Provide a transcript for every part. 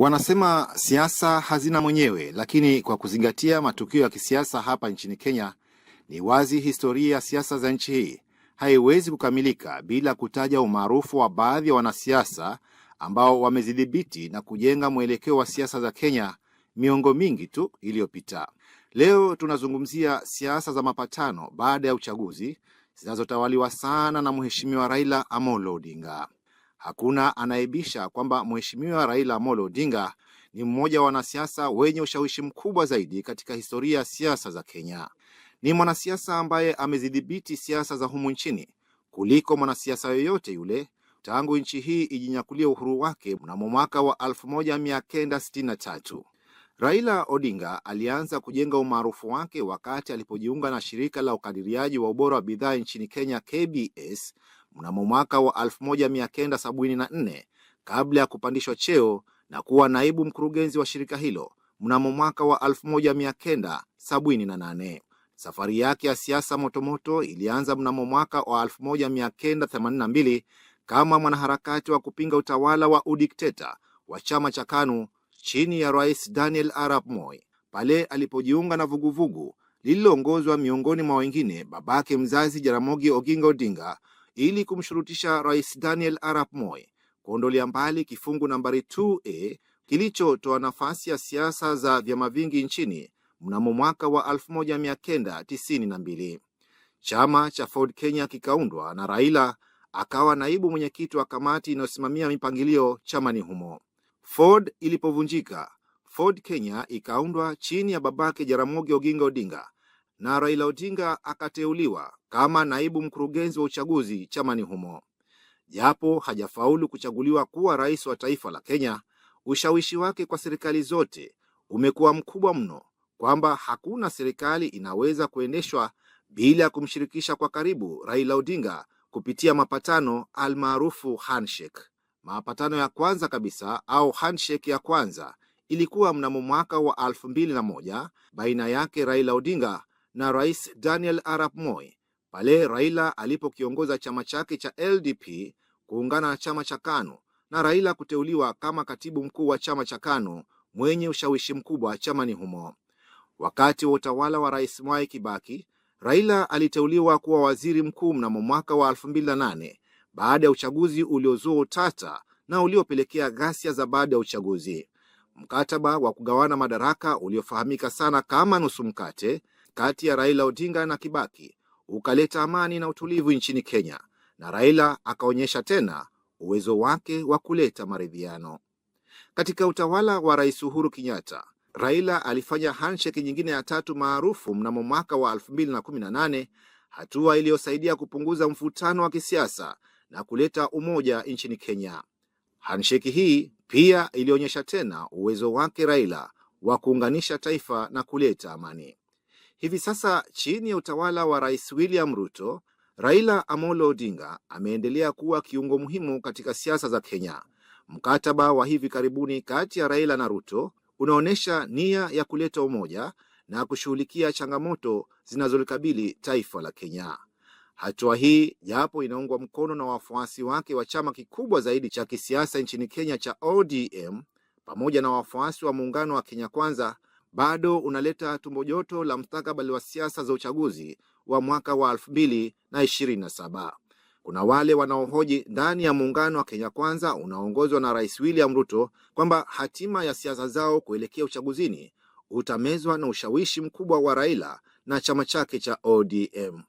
Wanasema siasa hazina mwenyewe, lakini kwa kuzingatia matukio ya kisiasa hapa nchini Kenya, ni wazi historia ya siasa za nchi hii haiwezi kukamilika bila kutaja umaarufu wa baadhi ya wanasiasa ambao wamezidhibiti na kujenga mwelekeo wa siasa za Kenya miongo mingi tu iliyopita. Leo tunazungumzia siasa za mapatano baada ya uchaguzi zinazotawaliwa sana na Mheshimiwa Raila Amolo Odinga. Hakuna anayebisha kwamba Mheshimiwa Raila Amolo Odinga ni mmoja wa wanasiasa wenye ushawishi mkubwa zaidi katika historia ya siasa za Kenya. Ni mwanasiasa ambaye amezidhibiti siasa za humu nchini kuliko mwanasiasa yoyote yule tangu nchi hii ijinyakulia uhuru wake mnamo mwaka wa 1963. Raila Odinga alianza kujenga umaarufu wake wakati alipojiunga na shirika la ukadiriaji wa ubora wa bidhaa nchini Kenya KBS mnamo mwaka wa 1974 kabla ya kupandishwa cheo na kuwa naibu mkurugenzi wa shirika hilo mnamo mwaka wa 1978. Safari yake ya siasa motomoto ilianza mnamo mwaka wa 1982 kama mwanaharakati wa kupinga utawala wa udikteta wa chama cha KANU chini ya Rais Daniel Arap Moi pale alipojiunga na vuguvugu lililoongozwa miongoni mwa wengine babake mzazi Jaramogi Oginga Odinga ili kumshurutisha Rais Daniel Arap Moi kuondolea mbali kifungu nambari 2A kilichotoa nafasi ya siasa za vyama vingi nchini mnamo mwaka wa 1992. Chama cha Ford Kenya kikaundwa na Raila akawa naibu mwenyekiti wa kamati inayosimamia mipangilio chamani humo. Ford ilipovunjika, Ford Kenya ikaundwa chini ya babake Jaramogi Oginga Odinga na Raila Odinga akateuliwa kama naibu mkurugenzi wa uchaguzi chamani humo. Japo hajafaulu kuchaguliwa kuwa rais wa taifa la Kenya, ushawishi wake kwa serikali zote umekuwa mkubwa mno, kwamba hakuna serikali inaweza kuendeshwa bila ya kumshirikisha kwa karibu Raila Odinga kupitia mapatano almaarufu handshake. Mapatano ya kwanza kabisa au handshake ya kwanza ilikuwa mnamo mwaka wa 21 baina yake Raila Odinga na Rais Daniel Arap Moi pale Raila alipokiongoza chama chake cha LDP kuungana na chama cha KANU na Raila kuteuliwa kama katibu mkuu wa chama cha KANU mwenye ushawishi mkubwa chamani humo. Wakati wa utawala wa Rais Mwai Kibaki, Raila aliteuliwa kuwa waziri mkuu mnamo mwaka wa 2008 baada ya uchaguzi uliozua utata na uliopelekea ghasia za baada ya uchaguzi. Mkataba wa kugawana madaraka uliofahamika sana kama nusu mkate kati ya Raila Odinga na Kibaki ukaleta amani na utulivu nchini Kenya, na Raila akaonyesha tena uwezo wake wa kuleta maridhiano. Katika utawala wa Rais Uhuru Kenyatta, Raila alifanya handshake nyingine ya tatu maarufu mnamo mwaka wa 2018, hatua iliyosaidia kupunguza mvutano wa kisiasa na kuleta umoja nchini Kenya. Handshake hii pia ilionyesha tena uwezo wake Raila wa kuunganisha taifa na kuleta amani. Hivi sasa chini ya utawala wa Rais William Ruto, Raila Amolo Odinga ameendelea kuwa kiungo muhimu katika siasa za Kenya. Mkataba wa hivi karibuni kati ya Raila na Ruto unaonyesha nia ya kuleta umoja na kushughulikia changamoto zinazolikabili taifa la Kenya. Hatua hii japo inaungwa mkono na wafuasi wake wa chama kikubwa zaidi cha kisiasa nchini Kenya cha ODM pamoja na wafuasi wa muungano wa Kenya Kwanza bado unaleta tumbo joto la mstakabali wa siasa za uchaguzi wa mwaka wa elfu mbili na ishirini na saba. Kuna wale wanaohoji ndani ya muungano wa Kenya Kwanza unaoongozwa na Rais William Ruto kwamba hatima ya siasa zao kuelekea uchaguzini utamezwa na ushawishi mkubwa wa Raila na chama chake cha ODM.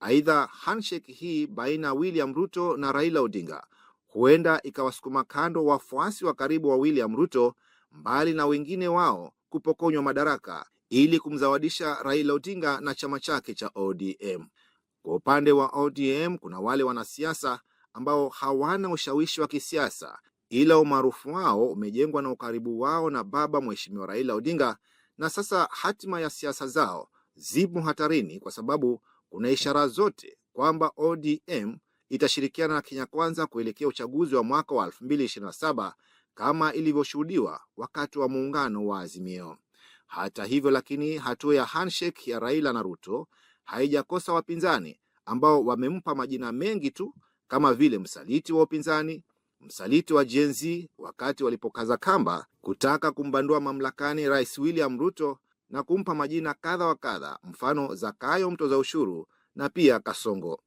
Aidha, handshake hii baina ya William Ruto na Raila Odinga huenda ikawasukuma kando wafuasi wa karibu wa William Ruto, mbali na wengine wao kupokonywa madaraka ili kumzawadisha Raila Odinga na chama chake cha ODM. Kwa upande wa ODM kuna wale wanasiasa ambao hawana ushawishi wa kisiasa, ila umaarufu wao umejengwa na ukaribu wao na baba Mheshimiwa Raila Odinga, na sasa hatima ya siasa zao zipo hatarini kwa sababu kuna ishara zote kwamba ODM itashirikiana na Kenya Kwanza kuelekea uchaguzi wa mwaka wa 2027 kama ilivyoshuhudiwa wakati wa muungano wa Azimio. Hata hivyo lakini, hatua ya handshake ya Raila na Ruto haijakosa wapinzani ambao wamempa majina mengi tu kama vile msaliti wa upinzani, msaliti wa Gen Z, wakati walipokaza kamba kutaka kumbandua mamlakani Rais William Ruto na kumpa majina kadha wa kadha, mfano Zakayo mtoza ushuru na pia Kasongo.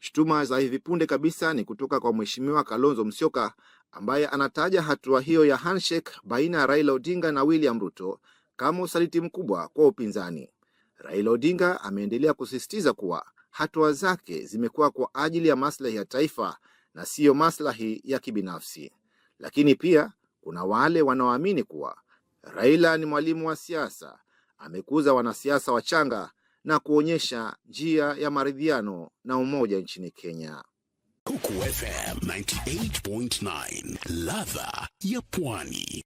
Shutuma za hivi punde kabisa ni kutoka kwa Mheshimiwa Kalonzo Musyoka ambaye anataja hatua hiyo ya handshake baina ya Raila Odinga na William Ruto kama usaliti mkubwa kwa upinzani. Raila Odinga ameendelea kusisitiza kuwa hatua zake zimekuwa kwa ajili ya maslahi ya taifa na siyo maslahi ya kibinafsi. Lakini pia kuna wale wanaoamini kuwa Raila ni mwalimu wa siasa, amekuza wanasiasa wachanga na kuonyesha njia ya maridhiano na umoja nchini Kenya. Coco FM 98.9 ladha ya pwani.